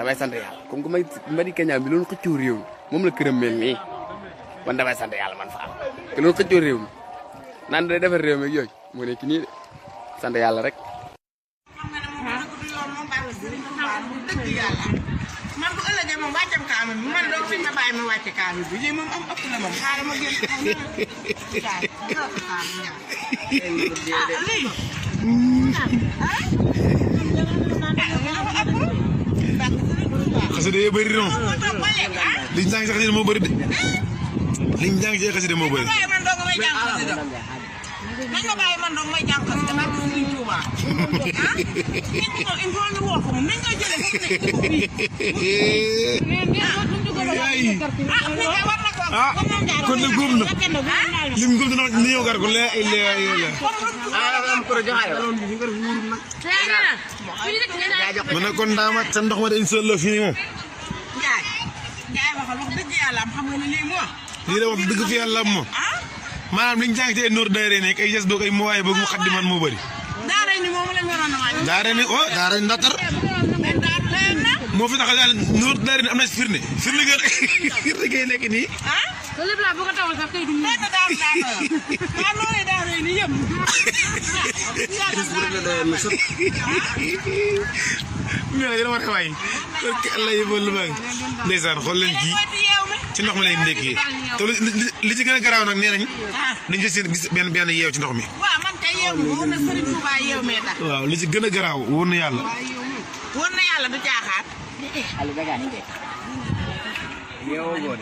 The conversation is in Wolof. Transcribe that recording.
damay sant yàlla comme que may Madické Keña bi loolu xëccoo moom la këram mel nii man damay sant yàlla man Fall te loolu xëccoo réew mi naan day defar réew mi nii de sant rek. xasida yee bëri noonu liñ jàng si xasida moo bëri de liñ jàng si xasida moo bëri. nañ ma bàyyi man dong may jàng xasida maa ngi leen di tuuba ah. nañ ko il faut ah kon de góob na lim góob dina ni ñëw gar ko lee ay lee ay lee. ma ne kon daama sa ndox ma de incha allah fii moom. lii de wax dëgg fi yàlla moom. maanaam li ñu jàng tey Noor Daara nekk ay gis boog ay moowaay boog mu xaddiman moo bëri. Daara ni moom lañ waroon a waaj. Daara ni oh Daara ni ndatar. moo fi tax a daal noor leer na am na si firnde firnde ngeen firnde nii. ah. laa bëgg a tawal sax kay du. lépp daaw laa ko waaw loolee daaw lay nii yëpp. war a waay. parce allah yi bon lu mag. ndeysaan xool li ci gën a garaaw nag nee nañ. Ah. dañu gis seen gis benn benn yeew ci ndox mi. waaw li ci gën a garaaw wóor na yàlla. wóor na yàlla du caaxaan. Aliou Bégane. yow